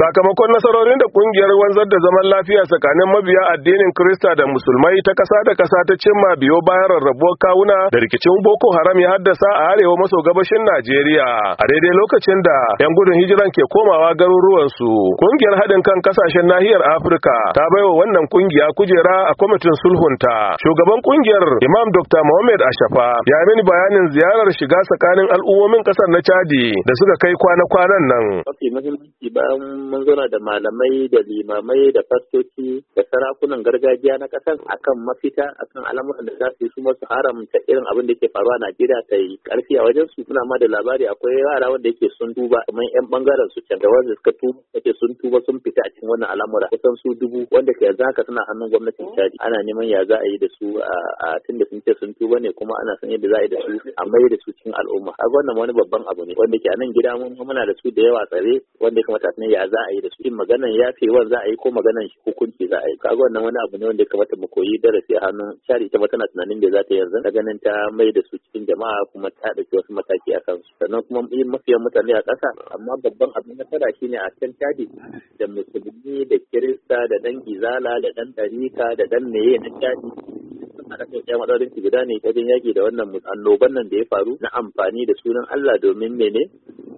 sakamakon nasarorin da kungiyar wanzar da zaman lafiya tsakanin mabiya addinin Krista da musulmai ta kasa da kasa ta cimma biyo bayan rarrabuwar kawuna da rikicin Boko Haram ya haddasa a arewa maso gabashin Najeriya a daidai lokacin da 'yan gudun hijiran ke komawa garuruwansu. Kungiyar haɗin kan kasashen nahiyar Afirka ta baiwa wannan kungiya kujera a kwamitin sulhunta. Shugaban kungiyar Imam Dr. Mohammed Ashafa ya mini bayanin ziyarar shiga tsakanin al'ummomin ƙasar na Chadi da suka kai kwana-kwanan nan. mun zauna da malamai da limamai da fastoci da sarakunan gargajiya na ƙasar akan mafita akan al'amuran da za su yi su masu haramta irin abin da ke faruwa a Najeriya ta yi karfi a wajen su muna ma da labari akwai yara wanda yake sun duba kamar yan bangaren su can da wanda suka tuba yake sun tuba sun fita a cikin wannan al'amura kusan su dubu wanda ke yanzu haka suna hannun gwamnatin caji ana neman ya za a yi da su a da sun ce sun tuba ne kuma ana son yadda za a yi da su a mai da su cikin al'umma a wannan wani babban abu ne wanda ke a nan gida mun muna da su da yawa tsare wanda ya kamata ne ya za za a yi da su in maganan wan za a yi ko maganan hukunci za a yi kaga wannan wani abu ne wanda ya kamata mu koyi darasi a hannun shari ita tana tunanin da za ta yanzu ta ganin ta mai da su cikin jama'a kuma ta ɗauki wasu mataki a kansu sannan kuma yin mafiyan mutane a ƙasa amma babban abin nasara ne a can shari da musulmi da kirista da dan gizala da dan ɗarika da dan meye na shari aka kai ya guda ne wajen yaki da wannan annoban nan da ya faru na amfani da sunan Allah domin mene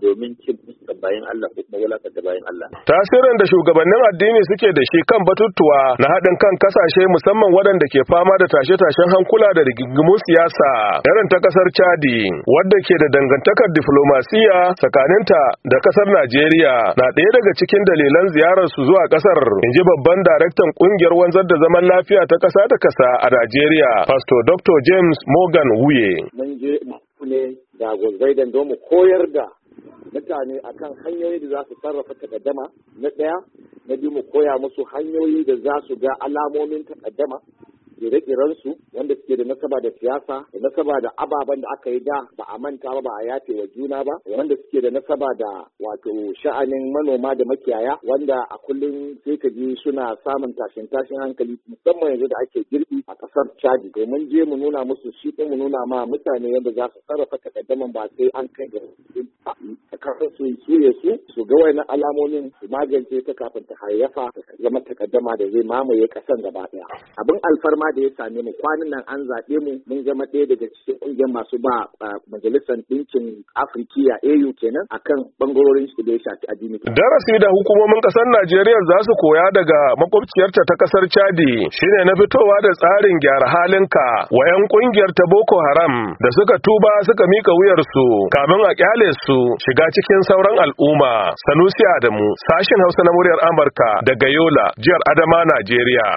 domin cin dukkan bayan Allah ko kuma da bayan Allah. Tasirin da shugabannin addini suke da shi kan batutuwa na haɗin kan kasashe musamman waɗanda ke fama da tashe-tashen hankula da rigingimu siyasa irin ta ƙasar Chadi wadda ke da dangantakar diflomasiya tsakaninta da kasar Najeriya na ɗaya daga cikin dalilan ziyarar su zuwa ƙasar inji babban daraktan ƙungiyar wanzar da zaman lafiya ta ƙasa da ƙasa a Najeriya Pastor Dr. James Morgan Wuye. Mun je ne da gwazbai don mu koyar da mutane akan hanyoyi da za su sarrafa takaddama na ɗaya na biyu mu koya musu hanyoyi da za su ga alamomin takaddama ire su wanda suke da nasaba da siyasa da nasaba da ababen da aka yi da ba a manta ba ba a yafe wa juna ba wanda suke da nasaba da wato sha'anin manoma da makiyaya wanda a kullum sai ka ji suna samun tashin tashin hankali musamman yanzu da ake girbi a kasar chadi domin je mu nuna musu shi ko mu nuna ma mutane yadda za su sarrafa takaddaman ba sai an kai ga kasar su suye su su ga wayannan alamomin su magance ta kafin ta hayyafa zama takaddama da zai mamaye kasan gaba daya abin alfarma da ya same mu kwanan nan an zaɓe mu mun zama ɗaya daga cikin ƙungiyar masu ba majalisar ɗinkin Afirkiya AU kenan akan bangarorin su da ya shafi addini. Darasi da hukumomin ƙasar Najeriya za su koya daga makwabciyarta ta ƙasar Chadi shine na fitowa da tsarin gyara halinka wa 'yan ƙungiyar ta Boko Haram da suka tuba suka mika wuyarsu kamin a kyale su shiga cikin sauran al'umma. Sanusi Adamu, sashin Hausa na muryar Amurka daga Yola, jihar Adama, Najeriya.